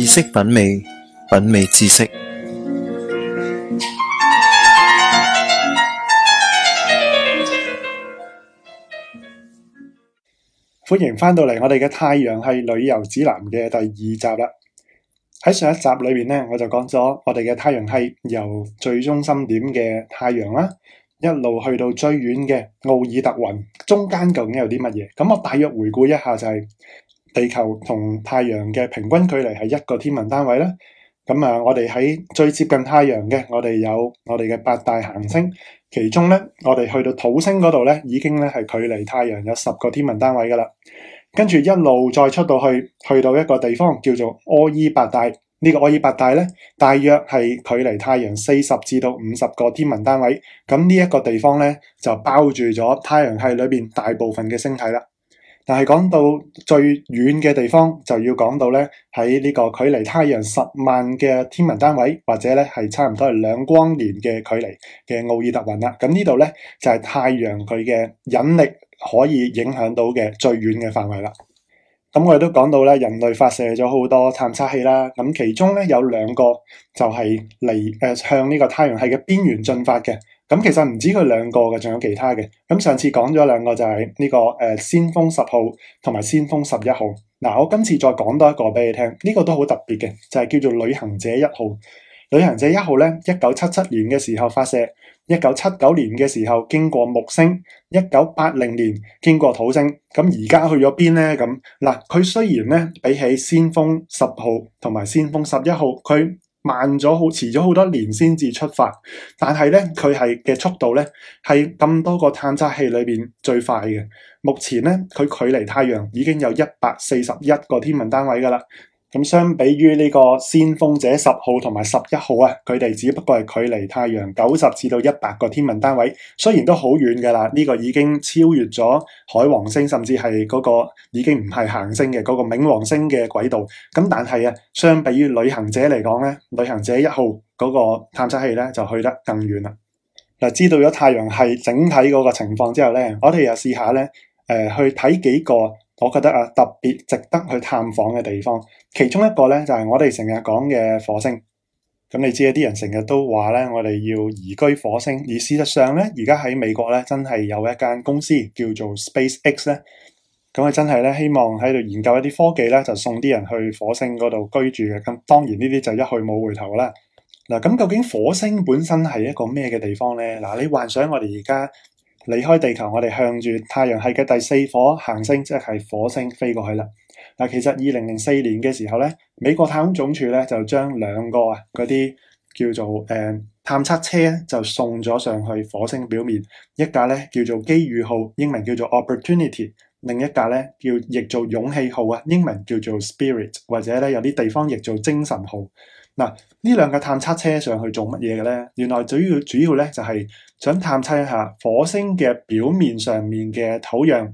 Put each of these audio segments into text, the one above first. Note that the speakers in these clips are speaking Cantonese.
知識品味，品味知識。歡迎翻到嚟我哋嘅太陽系旅遊指南嘅第二集啦。喺上一集裏面呢，我就講咗我哋嘅太陽系由最中心點嘅太陽啦、啊，一路去到最遠嘅奧爾特雲，中間究竟有啲乜嘢？咁我大約回顧一下就係、是。地球同太陽嘅平均距離係一個天文單位咧，咁啊，我哋喺最接近太陽嘅，我哋有我哋嘅八大行星，其中咧，我哋去到土星嗰度咧，已經咧係距離太陽有十個天文單位噶啦，跟住一路再出到去，去到一個地方叫做柯伊伯帶，呢個柯伊伯帶咧，大約係距離太陽四十至到五十個天文單位，咁呢一個地方咧就包住咗太陽系裏邊大部分嘅星體啦。但係講到最遠嘅地方，就要講到咧喺呢個距離太陽十萬嘅天文單位，或者咧係差唔多係兩光年嘅距離嘅奧爾特雲啦。咁呢度咧就係、是、太陽佢嘅引力可以影響到嘅最遠嘅範圍啦。咁我哋都講到啦，人類發射咗好多探測器啦，咁其中咧有兩個就係嚟誒向呢個太陽系嘅邊緣進發嘅。咁其實唔止佢兩個嘅，仲有其他嘅。咁上次講咗兩個就係呢、這個誒、呃、先鋒十號同埋先鋒十一號。嗱，我今次再講多一個俾你聽，呢、這個都好特別嘅，就係、是、叫做旅行者一號。旅行者一號咧，一九七七年嘅時候發射，一九七九年嘅時候經過木星，一九八零年經過土星。咁而家去咗邊呢？咁嗱，佢雖然咧比起先鋒十號同埋先鋒十一號，佢慢咗好，遲咗好多年先至出發，但係咧佢係嘅速度咧係咁多個探測器裏邊最快嘅。目前咧佢距離太陽已經有一百四十一個天文單位噶啦。咁相比於呢個先鋒者十號同埋十一號啊，佢哋只不過係距離太陽九十至到一百個天文單位，雖然都好遠噶啦，呢個已經超越咗海王星，甚至係嗰個已經唔係行星嘅嗰個冥王星嘅軌道。咁但係啊，相比於旅行者嚟講咧，旅行者一號嗰個探測器咧就去得更遠啦。嗱，知道咗太陽系整體嗰個情況之後咧，我哋又試下咧，誒、呃、去睇幾個。我覺得啊，特別值得去探訪嘅地方，其中一個呢就係我哋成日講嘅火星。咁你知一啲人成日都話呢，我哋要移居火星。而事實上呢，而家喺美國呢，真係有一間公司叫做 SpaceX 呢，咁啊真係呢，希望喺度研究一啲科技呢，就送啲人去火星嗰度居住嘅。咁當然呢啲就一去冇回頭啦。嗱，咁究竟火星本身係一個咩嘅地方呢？嗱，你幻想我哋而家。離開地球，我哋向住太陽系嘅第四顆行星，即係火星飛過去啦。但其實二零零四年嘅時候咧，美國太空總署咧就將兩個嗰啲叫做誒、嗯、探測車就送咗上去火星表面，一架咧叫做機遇號，英文叫做 Opportunity，另一架咧叫譯做勇氣號啊，英文叫做 Spirit，或者咧有啲地方譯做精神號。嗱，呢兩個探測車上去做乜嘢嘅咧？原來主要主要咧就係想探測一下火星嘅表面上面嘅土壤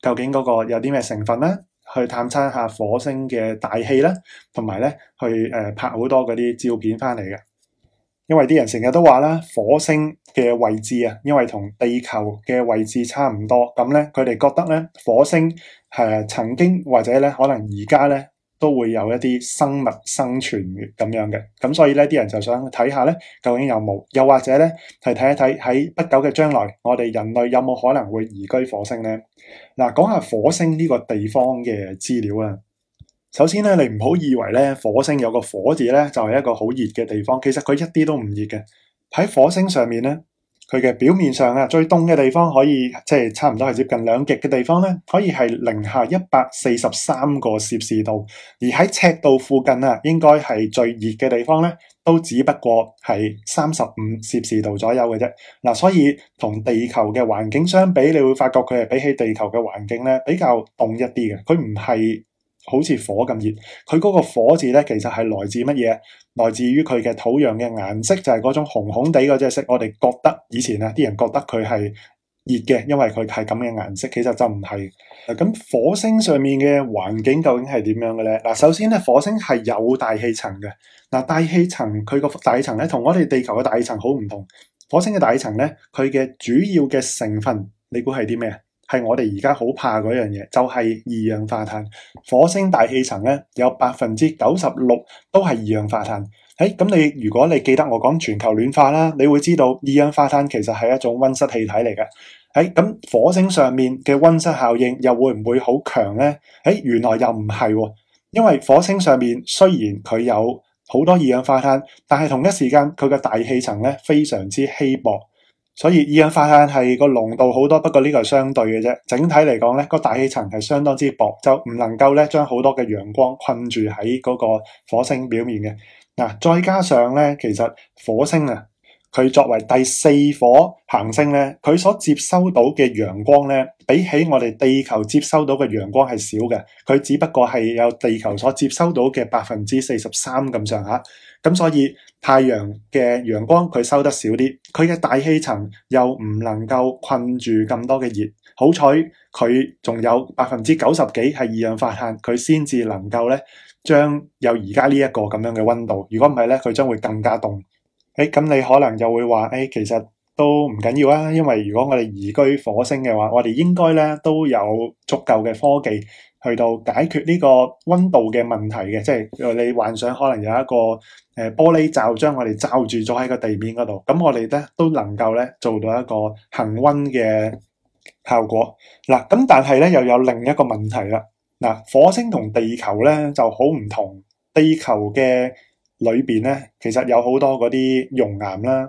究竟嗰個有啲咩成分啦，去探測一下火星嘅大氣啦，同埋咧去誒、呃、拍好多嗰啲照片翻嚟嘅。因為啲人成日都話啦，火星嘅位置啊，因為同地球嘅位置差唔多，咁咧佢哋覺得咧火星誒、呃、曾經或者咧可能而家咧。都會有一啲生物生存咁樣嘅，咁所以呢啲人就想睇下呢究竟有冇，又或者呢，係睇一睇喺不久嘅將來，我哋人類有冇可能會移居火星呢。嗱，講下火星呢個地方嘅資料啊。首先呢，你唔好以為呢火星有個火字呢就係一個好熱嘅地方，其實佢一啲都唔熱嘅。喺火星上面呢。佢嘅表面上啊，最凍嘅地方可以即係差唔多係接近兩極嘅地方咧，可以係零下一百四十三個攝氏度，而喺赤道附近啊，應該係最熱嘅地方咧，都只不過係三十五攝氏度左右嘅啫。嗱，所以同地球嘅環境相比，你會發覺佢係比起地球嘅環境咧比較凍一啲嘅，佢唔係。好似火咁熱，佢嗰個火字咧，其實係來自乜嘢？來自於佢嘅土壤嘅顏色，就係嗰種紅紅地嗰隻色。我哋覺得以前啊，啲人覺得佢係熱嘅，因為佢係咁嘅顏色。其實就唔係。咁火星上面嘅環境究竟係點樣嘅咧？嗱，首先咧，火星係有大氣層嘅。嗱，大氣層佢個大氣層咧，同我哋地球嘅大氣層好唔同。火星嘅大氣層咧，佢嘅主要嘅成分，你估係啲咩啊？係我哋而家好怕嗰樣嘢，就係二氧化碳。火星大氣層咧，有百分之九十六都係二氧化碳。誒，咁你如果你記得我講全球暖化啦，你會知道二氧化碳其實係一種溫室氣體嚟嘅。誒，咁火星上面嘅溫室效應又會唔會好強咧？誒，原來又唔係喎，因為火星上面雖然佢有好多二氧化碳，但係同一時間佢嘅大氣層咧，非常之稀薄。所以二氧化碳係個濃度好多，不過呢個係相對嘅啫。整體嚟講咧，個大氣層係相當之薄，就唔能夠咧將好多嘅陽光困住喺嗰個火星表面嘅。嗱，再加上咧，其實火星啊，佢作為第四顆行星咧，佢所接收到嘅陽光咧，比起我哋地球接收到嘅陽光係少嘅。佢只不過係有地球所接收到嘅百分之四十三咁上下，咁所以。太陽嘅陽光佢收得少啲，佢嘅大氣層又唔能夠困住咁多嘅熱，好彩佢仲有百分之九十幾係二氧化碳，佢先至能夠咧將有而家呢一個咁樣嘅溫度。如果唔係咧，佢將會更加凍。誒、欸，咁你可能又會話，誒、欸，其實。都唔緊要啊，因為如果我哋移居火星嘅話，我哋應該咧都有足夠嘅科技去到解決呢個温度嘅問題嘅，即係你幻想可能有一個誒玻璃罩將我哋罩住咗喺個地面嗰度，咁我哋咧都能夠咧做到一個恒温嘅效果。嗱，咁但係咧又有另一個問題啦。嗱，火星同地球咧就好唔同，地球嘅裏邊咧其實有好多嗰啲熔岩啦。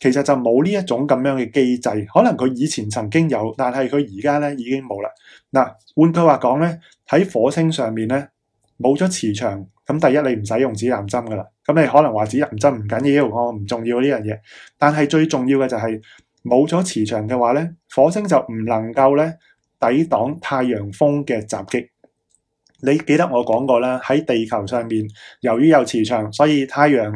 其實就冇呢一種咁樣嘅機制，可能佢以前曾經有，但係佢而家咧已經冇啦。嗱，換句話講咧，喺火星上面咧冇咗磁場，咁第一你唔使用，用指南針噶啦，咁你可能話指南針唔緊要，我、哦、唔重要呢樣嘢。但係最重要嘅就係冇咗磁場嘅話咧，火星就唔能夠咧抵擋太陽風嘅襲擊。你記得我講過啦，喺地球上面由於有磁場，所以太陽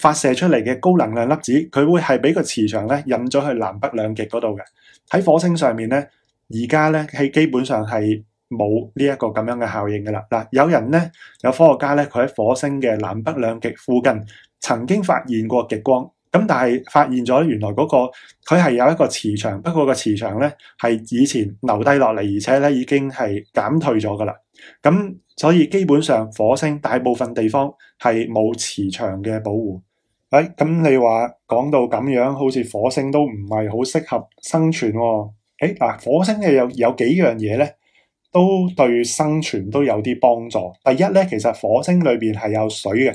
發射出嚟嘅高能量粒子，佢會係俾個磁場咧引咗去南北兩極嗰度嘅。喺火星上面咧，而家咧係基本上係冇呢一個咁樣嘅效應噶啦。嗱，有人咧，有科學家咧，佢喺火星嘅南北兩極附近曾經發現過極光。咁但係發現咗原來嗰、那個佢係有一個磁場，不過個磁場咧係以前留低落嚟，而且咧已經係減退咗噶啦。咁所以基本上火星大部分地方係冇磁場嘅保護。誒咁、哎、你話講到咁樣，好似火星都唔係好適合生存喎、哦。嗱、哎，火星嘅有有幾樣嘢咧，都對生存都有啲幫助。第一咧，其實火星裏邊係有水嘅。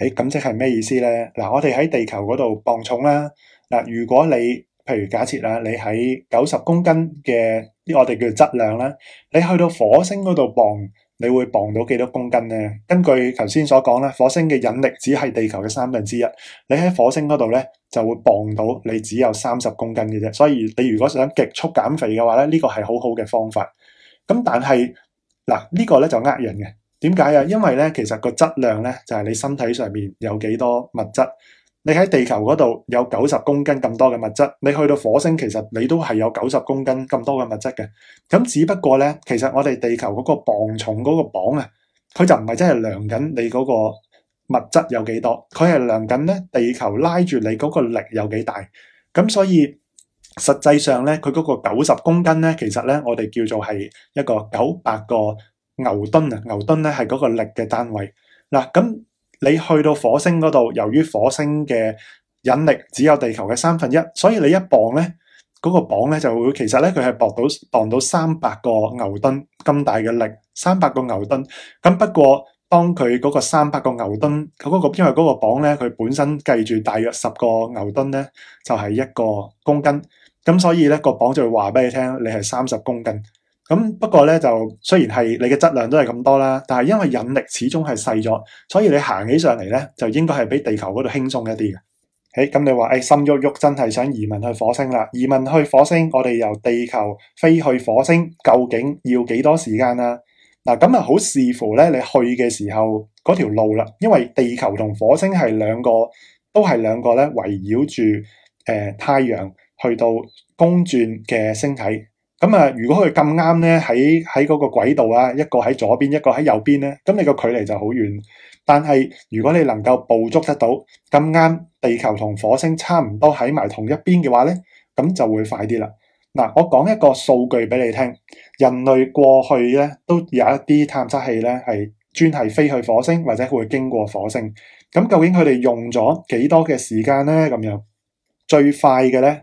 誒，咁即係咩意思咧？嗱，我哋喺地球嗰度磅重啦。嗱，如果你，譬如假設啦，你喺九十公斤嘅，啲我哋叫質量啦，你去到火星嗰度磅，你會磅到幾多公斤咧？根據頭先所講啦，火星嘅引力只係地球嘅三分之一，你喺火星嗰度咧就會磅到你只有三十公斤嘅啫。所以你如果想極速減肥嘅話咧，呢個係好好嘅方法。咁但係嗱，呢個咧就呃人嘅。點解啊？因為咧，其實個質量咧，就係你身體上面有幾多物質。你喺地球嗰度有九十公斤咁多嘅物質，你去到火星，其實你都係有九十公斤咁多嘅物質嘅。咁只不過咧，其實我哋地球嗰個磅重嗰個磅啊，佢就唔係真係量緊你嗰個物質有幾多，佢係量緊咧地球拉住你嗰個力有幾大。咁所以實際上咧，佢嗰個九十公斤咧，其實咧我哋叫做係一個九百個。牛頓啊，牛頓咧係嗰個力嘅單位。嗱，咁你去到火星嗰度，由於火星嘅引力只有地球嘅三分一，所以你一磅咧，嗰個磅咧就會其實咧佢係磅到磅到三百個牛頓咁大嘅力，三百個牛頓。咁不過當佢嗰個三百個牛頓，佢嗰個因為嗰個磅咧，佢本身計住大約十個牛頓咧，就係一個公斤。咁所以咧個磅就會話俾你聽，你係三十公斤。咁不過咧，就雖然係你嘅質量都係咁多啦，但係因為引力始終係細咗，所以你行起上嚟咧，就應該係比地球嗰度輕鬆一啲嘅。誒、哎，咁你話誒、哎、心喐喐，真係想移民去火星啦？移民去火星，我哋由地球飛去火星，究竟要幾多時間啊？嗱，咁啊好視乎咧，你去嘅時候嗰條路啦，因為地球同火星係兩個都係兩個咧圍繞住誒太陽去到公轉嘅星體。咁啊！如果佢咁啱咧，喺喺嗰個軌道啊，一個喺左邊，一個喺右邊咧，咁你個距離就好遠。但係如果你能夠捕捉得到咁啱地球同火星差唔多喺埋同一邊嘅話咧，咁就會快啲啦。嗱，我講一個數據俾你聽，人類過去咧都有一啲探測器咧係專係飛去火星或者會經過火星。咁究竟佢哋用咗幾多嘅時間咧？咁樣最快嘅咧？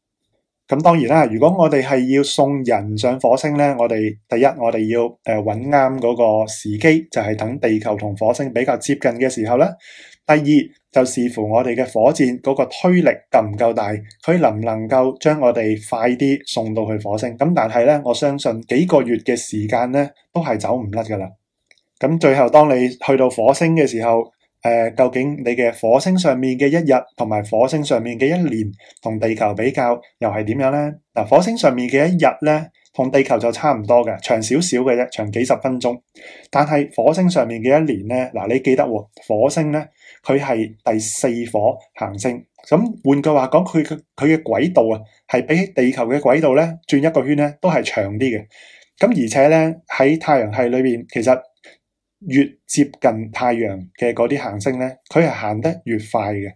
咁當然啦，如果我哋係要送人上火星咧，我哋第一，我哋要誒揾啱嗰個時機，就係等地球同火星比較接近嘅時候呢。第二就視乎我哋嘅火箭嗰個推力夠唔夠大，佢能唔能夠將我哋快啲送到去火星。咁但係咧，我相信幾個月嘅時間咧都係走唔甩㗎喇。咁最後，當你去到火星嘅時候。呃，究竟你嘅火星上面嘅一日，同埋火星上面嘅一年，同地球比較，又係點樣呢？火星上面嘅一日呢，同地球就差唔多㗎，長少少嘅啫，長幾十分鐘。但係火星上面嘅一年呢，嗱，你記得喎，火星呢，佢係第四火行星。咁，換句話講，佢，佢嘅軌道，係比地球嘅軌道呢，轉一個圈呢，都係長啲嘅。咁，而且呢，喺太陽系裏面，其實，越接近太陽嘅嗰啲行星咧，佢係行得越快嘅。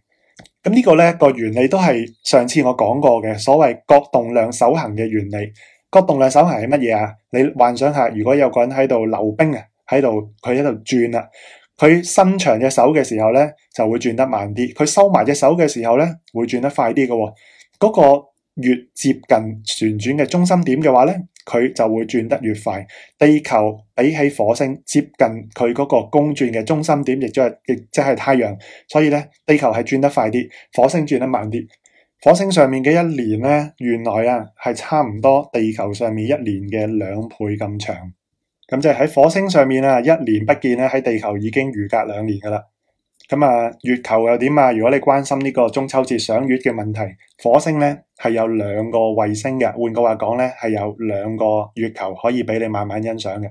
咁呢個咧個原理都係上次我講過嘅，所謂角動量守恆嘅原理。角動量守恆係乜嘢啊？你幻想下，如果有個人喺度溜冰啊，喺度佢喺度轉啊，佢伸長隻手嘅時候咧就會轉得慢啲，佢收埋隻手嘅時候咧會轉得快啲嘅、哦。嗰個越接近旋轉嘅中心點嘅話咧。佢就會轉得越快。地球比起火星接近佢嗰個公轉嘅中心點，亦即係亦即係太陽，所以咧地球係轉得快啲，火星轉得慢啲。火星上面嘅一年咧，原來啊係差唔多地球上面一年嘅兩倍咁長。咁即係喺火星上面啊，一年不見咧，喺地球已經如隔兩年㗎喇。咁啊，月球又點啊？如果你關心呢個中秋節賞月嘅問題，火星呢係有兩個衛星嘅。換句話講呢，係有兩個月球可以俾你慢慢欣賞嘅。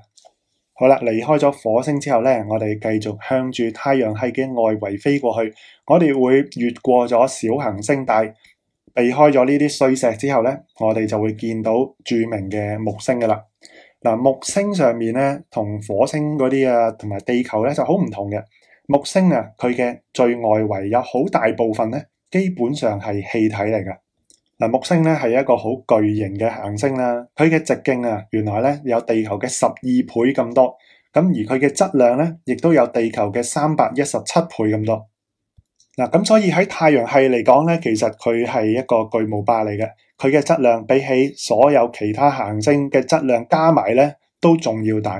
好啦，離開咗火星之後呢，我哋繼續向住太陽系嘅外圍飛過去。我哋會越過咗小行星帶，避開咗呢啲碎石之後呢，我哋就會見到著名嘅木星㗎喇。嗱，木星上面呢，同火星嗰啲啊，同埋地球呢，就好唔同嘅。木星啊，佢嘅最外圍有好大部分咧，基本上係氣體嚟噶。嗱，木星咧係一個好巨型嘅行星啦，佢嘅直徑啊，原來咧有地球嘅十二倍咁多，咁而佢嘅質量咧，亦都有地球嘅三百一十七倍咁多。嗱，咁所以喺太陽系嚟講咧，其實佢係一個巨無霸嚟嘅，佢嘅質量比起所有其他行星嘅質量加埋咧，都仲要大。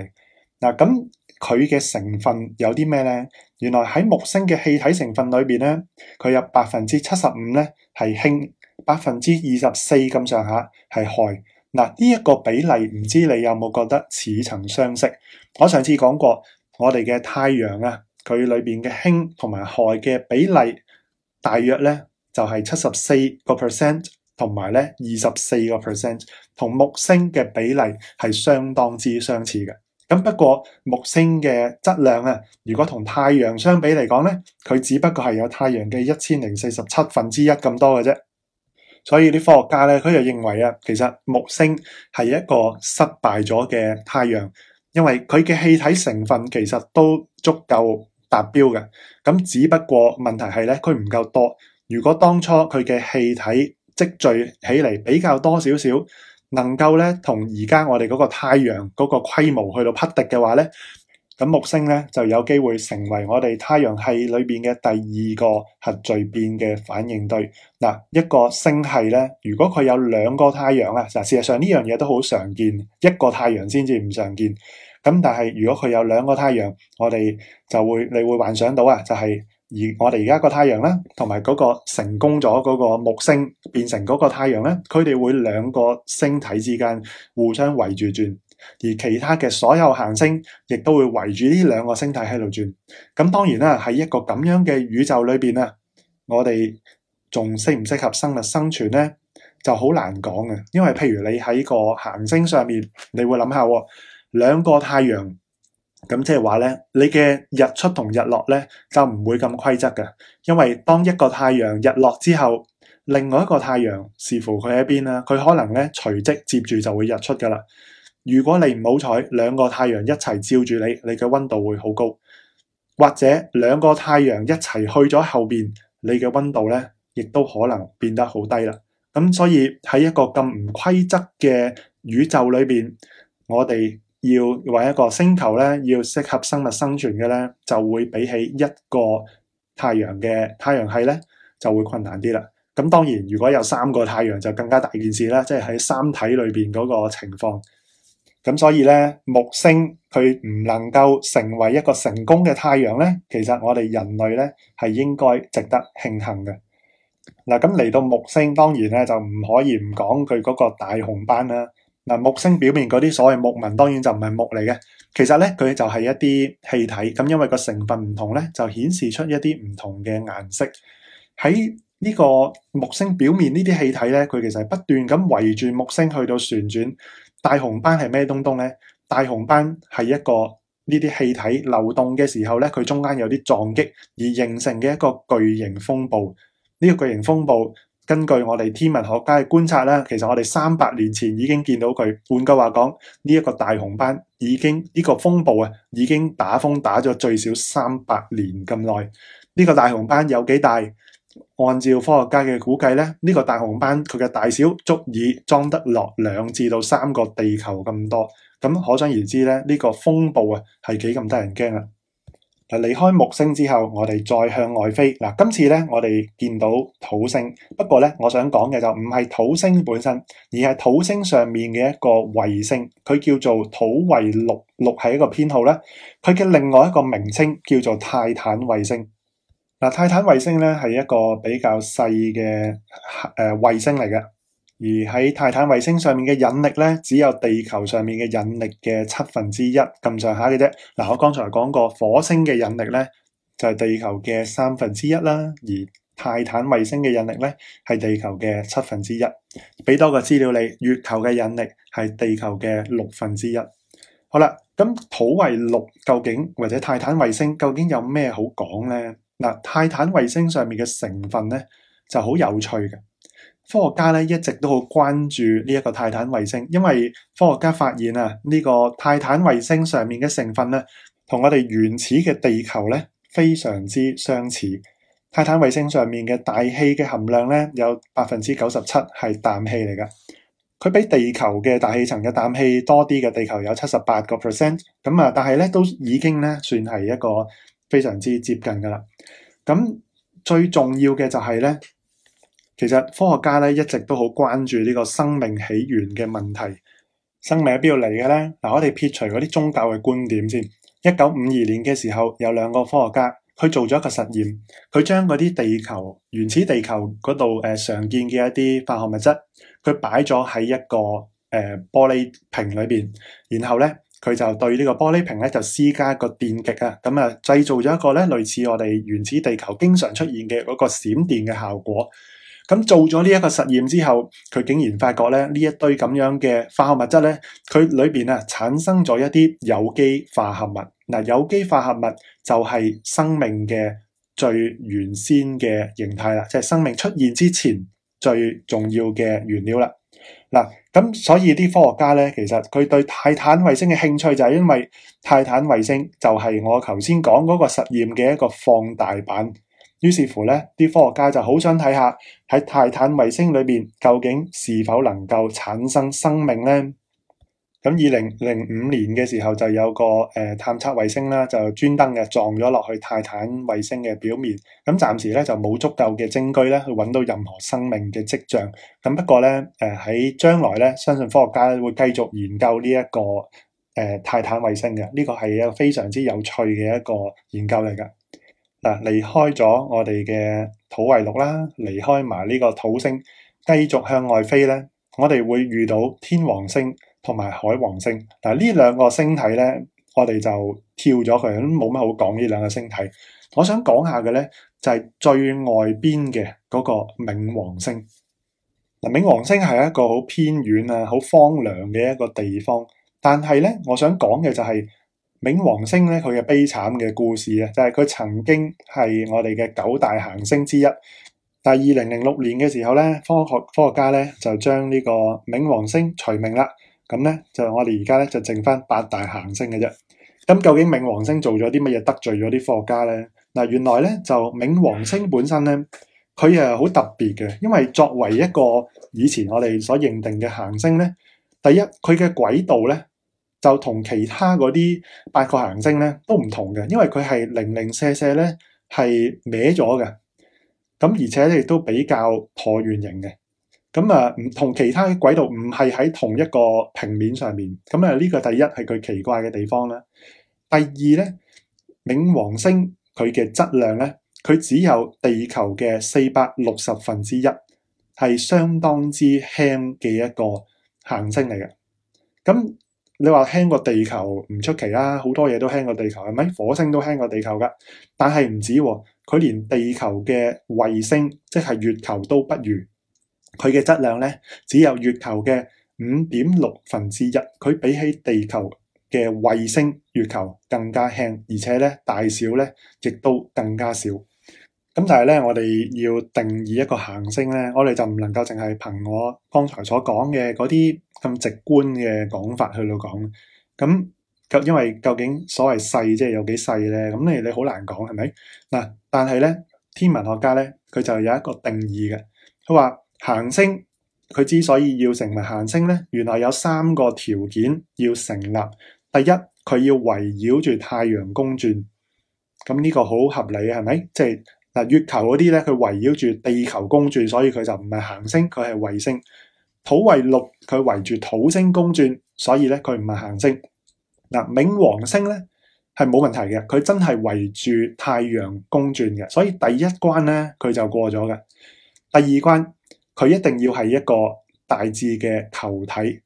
嗱，咁。佢嘅成分有啲咩咧？原來喺木星嘅氣體成分裏邊咧，佢有百分之七十五咧係氫，百分之二十四咁上下係氦。嗱，呢一個比例唔知你有冇覺得似曾相識？我上次講過，我哋嘅太陽啊，佢裏邊嘅氫同埋氦嘅比例，大約咧就係七十四個 percent 同埋咧二十四個 percent，同木星嘅比例係相當之相似嘅。咁不過木星嘅質量啊，如果同太陽相比嚟講咧，佢只不過係有太陽嘅一千零四十七分之一咁多嘅啫。所以啲科學家咧，佢就認為啊，其實木星係一個失敗咗嘅太陽，因為佢嘅氣體成分其實都足夠達標嘅。咁只不過問題係咧，佢唔夠多。如果當初佢嘅氣體積聚起嚟比較多少少。能夠咧同而家我哋嗰個太陽嗰個規模去到匹敵嘅話咧，咁木星咧就有機會成為我哋太陽系裏邊嘅第二個核聚變嘅反應堆。嗱，一個星系咧，如果佢有兩個太陽啊，嗱，事實上呢樣嘢都好常見，一個太陽先至唔常見。咁但係如果佢有兩個太陽，我哋就會你會幻想到啊，就係。而我哋而家個太陽咧，同埋嗰個成功咗嗰個木星變成嗰個太陽咧，佢哋會兩個星體之間互相圍住轉，而其他嘅所有行星亦都會圍住呢兩個星體喺度轉。咁當然啦，喺一個咁樣嘅宇宙裏邊啊，我哋仲適唔適合生物生存咧，就好難講嘅。因為譬如你喺個行星上面，你會諗下兩個太陽。咁即係話咧，你嘅日出同日落咧就唔會咁規則嘅，因為當一個太陽日落之後，另外一個太陽視乎佢喺邊啦，佢可能咧隨即接住就會日出噶啦。如果你唔好彩，兩個太陽一齊照住你，你嘅溫度會好高；或者兩個太陽一齊去咗後邊，你嘅溫度咧亦都可能變得好低啦。咁所以喺一個咁唔規則嘅宇宙裏邊，我哋。要為一個星球咧，要適合生物生存嘅咧，就會比起一個太陽嘅太陽系咧，就會困難啲啦。咁當然，如果有三個太陽就更加大件事啦，即係喺三體裏邊嗰個情況。咁所以咧，木星佢唔能夠成為一個成功嘅太陽咧，其實我哋人類咧係應該值得慶幸嘅。嗱，咁嚟到木星，當然咧就唔可以唔講佢嗰個大紅斑啦。嗱，木星表面嗰啲所謂木紋，當然就唔係木嚟嘅。其實咧，佢就係一啲氣體。咁因為個成分唔同咧，就顯示出一啲唔同嘅顏色。喺呢個木星表面呢啲氣體咧，佢其實係不斷咁圍住木星去到旋轉。大紅斑係咩東東咧？大紅斑係一個呢啲氣體流動嘅時候咧，佢中間有啲撞擊而形成嘅一個巨型風暴。呢個巨型風暴。根據我哋天文學家嘅觀察啦，其實我哋三百年前已經見到佢。換句話講，呢一個大紅斑已經呢個風暴啊，已經打風打咗最少三百年咁耐。呢個大紅斑有幾大？按照科學家嘅估計咧，呢個大紅斑佢嘅大小足以裝得落兩至到三個地球咁多。咁可想而知咧，呢個風暴啊係幾咁得人驚啊！離開木星之後,我哋再向外飛。嗱,今次呢,我哋見到土星。不過呢,我想講嘅就唔係土星本身,而係土星上面嘅一個衛星。佢叫做土衛六。六係一個編號咧。佢嘅另外一個名稱叫做泰坦衛星。嗱,泰坦衛星呢,係一個比較細嘅呃,衛星嚟嘅。而喺泰坦衛星上面嘅引力咧，只有地球上面嘅引力嘅七分之一咁上下嘅啫。嗱，我剛才講過，火星嘅引力咧就係地球嘅三分之一啦。而泰坦衛星嘅引力咧係地球嘅七分之一。俾多個資料你，月球嘅引力係地球嘅六分之一。好啦，咁土衛六究竟或者泰坦衛星究竟有咩好講咧？嗱，泰坦衛星上面嘅成分咧就好有趣嘅。科學家咧一直都好關注呢一個泰坦衛星，因為科學家發現啊，呢個泰坦衛星上面嘅成分咧，同我哋原始嘅地球咧非常之相似。泰坦衛星上面嘅大氣嘅含量咧，有百分之九十七係氮氣嚟噶，佢比地球嘅大氣層嘅氮氣多啲嘅，地球有七十八個 percent 咁啊，但係咧都已經咧算係一個非常之接近噶啦。咁最重要嘅就係咧。其實科學家咧一直都好關注呢個生命起源嘅問題。生命喺邊度嚟嘅咧？嗱，我哋撇除嗰啲宗教嘅觀點先。一九五二年嘅時候，有兩個科學家佢做咗一個實驗，佢將嗰啲地球原始地球嗰度誒常見嘅一啲化學物質，佢擺咗喺一個誒、呃、玻璃瓶裏邊，然後咧佢就對呢個玻璃瓶咧就施加一個電極啊，咁、呃、啊製造咗一個咧類似我哋原始地球經常出現嘅嗰個閃電嘅效果。咁做咗呢一個實驗之後，佢竟然發覺咧呢一堆咁樣嘅化學物質咧，佢裏邊啊產生咗一啲有機化合物。嗱，有機化合物就係生命嘅最原先嘅形態啦，即係生命出現之前最重要嘅原料啦。嗱，咁所以啲科學家咧，其實佢對泰坦衛星嘅興趣就係因為泰坦衛星就係我頭先講嗰個實驗嘅一個放大版。於是乎咧，啲科學家就好想睇下喺泰坦衛星裏邊究竟是否能夠產生生命咧？咁二零零五年嘅時候就有個誒探測衛星啦，就專登嘅撞咗落去泰坦衛星嘅表面。咁暫時咧就冇足夠嘅證據咧去揾到任何生命嘅跡象。咁不過咧誒喺將來咧，相信科學家會繼續研究呢一個誒泰坦衛星嘅。呢個係一個非常之有趣嘅一個研究嚟㗎。嗱，離開咗我哋嘅土衞六啦，離開埋呢個土星，繼續向外飛咧，我哋會遇到天王星同埋海王星。嗱，呢兩個星體咧，我哋就跳咗佢，都冇乜好講呢兩個星體。我想講下嘅咧，就係最外邊嘅嗰個冥王星。嗱，冥王星係一個好偏遠啊、好荒涼嘅一個地方。但係咧，我想講嘅就係。冥王星咧，佢嘅悲慘嘅故事啊，就係佢曾經係我哋嘅九大行星之一，但係二零零六年嘅時候咧，科學科學家咧就將呢個冥王星除名啦，咁咧就我哋而家咧就剩翻八大行星嘅啫。咁究竟冥王星做咗啲乜嘢得罪咗啲科學家咧？嗱，原來咧就冥王星本身咧，佢係好特別嘅，因為作為一個以前我哋所認定嘅行星咧，第一佢嘅軌道咧。就同其他嗰啲八個行星咧都唔同嘅，因為佢係零零舍舍咧係歪咗嘅，咁而且咧都比較橢圓形嘅，咁啊唔同其他嘅軌道唔係喺同一個平面上面，咁啊呢個第一係佢奇怪嘅地方啦。第二咧，冥王星佢嘅質量咧，佢只有地球嘅四百六十分之一，係相當之輕嘅一個行星嚟嘅，咁。你話輕過地球唔出奇啦，啊，好多嘢都輕過地球，係咪？火星都輕過地球噶，但係唔止，啊，佢連地球嘅衛星，即係月球都不如。佢嘅質量呢，只有月球嘅五點六分之一，佢比起地球嘅衛星月球更加輕，而且呢大小呢亦都更加少。咁但係呢，我哋要定義一個行星呢，我哋就唔能夠淨係憑我剛才所講嘅嗰啲。咁直觀嘅講法去到講，咁，因為究竟所謂細即係有幾細咧？咁你你好難講係咪？嗱，但係咧，天文學家咧，佢就有一個定義嘅。佢話行星佢之所以要成為行星咧，原來有三個條件要成立。第一，佢要圍繞住太陽公轉。咁呢個好合理係咪？即係嗱，月球嗰啲咧，佢圍繞住地球公轉，所以佢就唔係行星，佢係衛星。土衛六，佢圍住土星公轉，所以咧佢唔係行星。嗱、呃，冥王星咧係冇問題嘅，佢真係圍住太陽公轉嘅，所以第一關咧佢就過咗嘅。第二關佢一定要係一個大致嘅球體，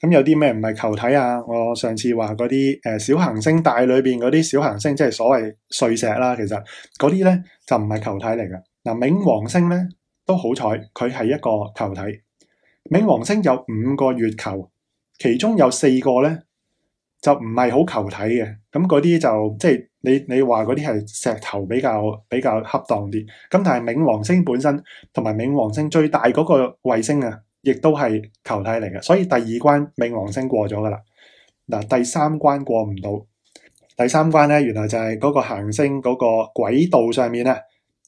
咁有啲咩唔係球體啊？我上次話嗰啲誒小行星帶裏邊嗰啲小行星，即係所謂碎石啦，其實嗰啲咧就唔係球體嚟嘅。嗱、呃，冥王星咧都好彩，佢係一個球體。冥王星有五個月球，其中有四個咧就唔係好球體嘅，咁嗰啲就即係、就是、你你話嗰啲係石頭比較比較恰當啲，咁但係冥王星本身同埋冥王星最大嗰個衛星啊，亦都係球體嚟嘅，所以第二關冥王星過咗㗎喇。嗱，第三關過唔到，第三關咧原來就係嗰個行星嗰個軌道上面啊，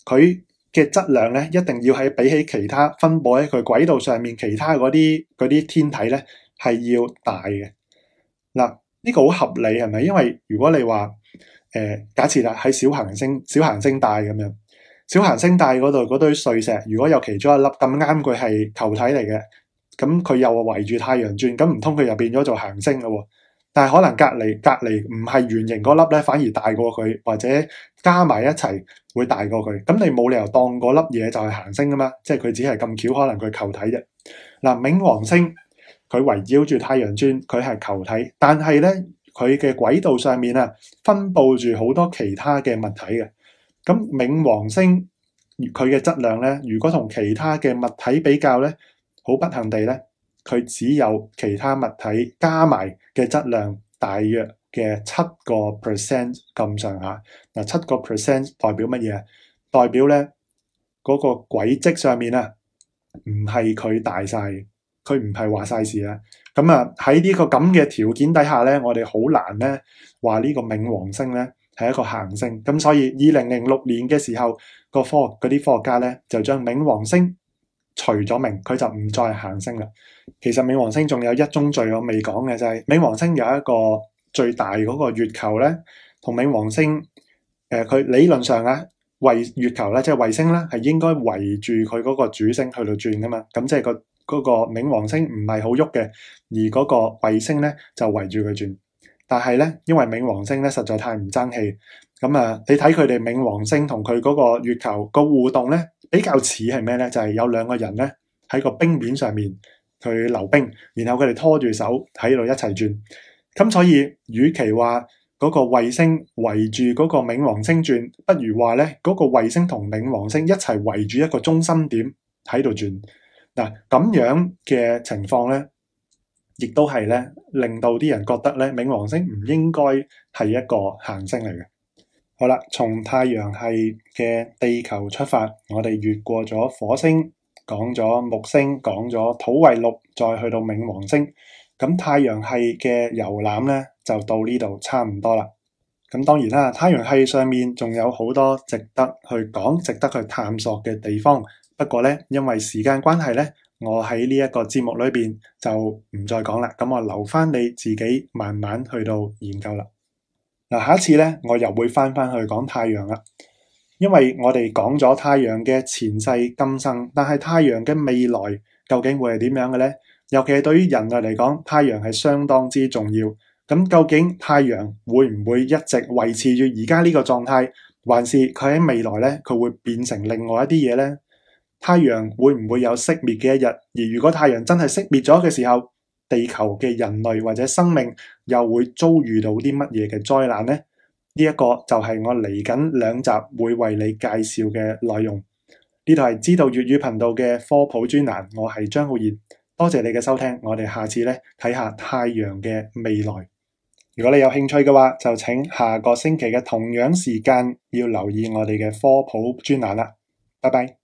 佢嘅質量咧，一定要喺比起其他分佈喺佢軌道上面其他嗰啲嗰啲天體咧，係要大嘅。嗱，呢個好合理係咪？因為如果你話誒假設啦，喺小行星小行星帶咁樣，小行星帶嗰度嗰堆碎石，如果有其中一粒咁啱佢係球體嚟嘅，咁佢又圍住太陽轉，咁唔通佢又變咗做行星咯？但係可能隔籬隔籬唔係圓形嗰粒咧，反而大過佢，或者加埋一齊會大過佢。咁你冇理由當嗰粒嘢就係行星啊嘛？即係佢只係咁巧，可能佢球體啫。嗱，冥王星佢圍繞住太陽轉，佢係球體，但係咧佢嘅軌道上面啊，分佈住好多其他嘅物體嘅。咁，冥王星佢嘅質量咧，如果同其他嘅物體比較咧，好不幸地咧，佢只有其他物體加埋。嘅質量大約嘅七個 percent 咁上下，嗱，七個 percent 代表乜嘢？代表咧嗰個軌跡上面啊，唔係佢大曬，佢唔係話曬事啊。咁啊喺呢個咁嘅條件底下咧，我哋好難咧話呢個冥王星咧係一個行星。咁所以二零零六年嘅時候，個科嗰啲科學家咧就將冥王星。除咗名，佢就唔再行星啦。其實冥王星仲有一宗罪，我未講嘅就係冥王星有一個最大嗰個月球咧，同冥王星誒，佢理論上啊，衛月球咧，即係衛星咧，係應該圍住佢嗰個主星去到轉㗎嘛。咁即係個嗰個冥王星唔係好喐嘅，而嗰個衛星咧就圍住佢轉。但係咧，因為冥王星咧實在太唔爭氣，咁啊，你睇佢哋冥王星同佢嗰個月球個互動咧。比較似係咩咧？就係有兩個人咧喺個冰面上面去溜冰，然後佢哋拖住手喺度一齊轉。咁所以，與其話嗰個衛星圍住嗰個冥王星轉，不如話咧嗰個衛星同冥王星一齊圍住一個中心點喺度轉。嗱，咁樣嘅情況咧，亦都係咧令到啲人覺得咧冥王星唔應該係一個行星嚟嘅。好啦，從太陽系嘅地球出發，我哋越過咗火星，講咗木星，講咗土衛六，再去到冥王星，咁太陽系嘅遊覽呢，就到呢度差唔多啦。咁當然啦，太陽系上面仲有好多值得去講、值得去探索嘅地方。不過呢，因為時間關係呢，我喺呢一個節目裏邊就唔再講啦。咁我留翻你自己慢慢去到研究啦。嗱，下一次咧，我又會翻翻去講太陽啦，因為我哋講咗太陽嘅前世今生，但係太陽嘅未來究竟會係點樣嘅咧？尤其係對於人類嚟講，太陽係相當之重要。咁究竟太陽會唔會一直維持住而家呢個狀態，還是佢喺未來咧佢會變成另外一啲嘢咧？太陽會唔會有熄滅嘅一日？而如果太陽真係熄滅咗嘅時候？地球嘅人類或者生命又會遭遇到啲乜嘢嘅災難呢？呢一個就係我嚟緊兩集會為你介紹嘅內容。呢度係知道粵語頻道嘅科普專欄，我係張浩然，多謝你嘅收聽。我哋下次咧睇下太陽嘅未來。如果你有興趣嘅話，就請下個星期嘅同樣時間要留意我哋嘅科普專欄啦。拜拜。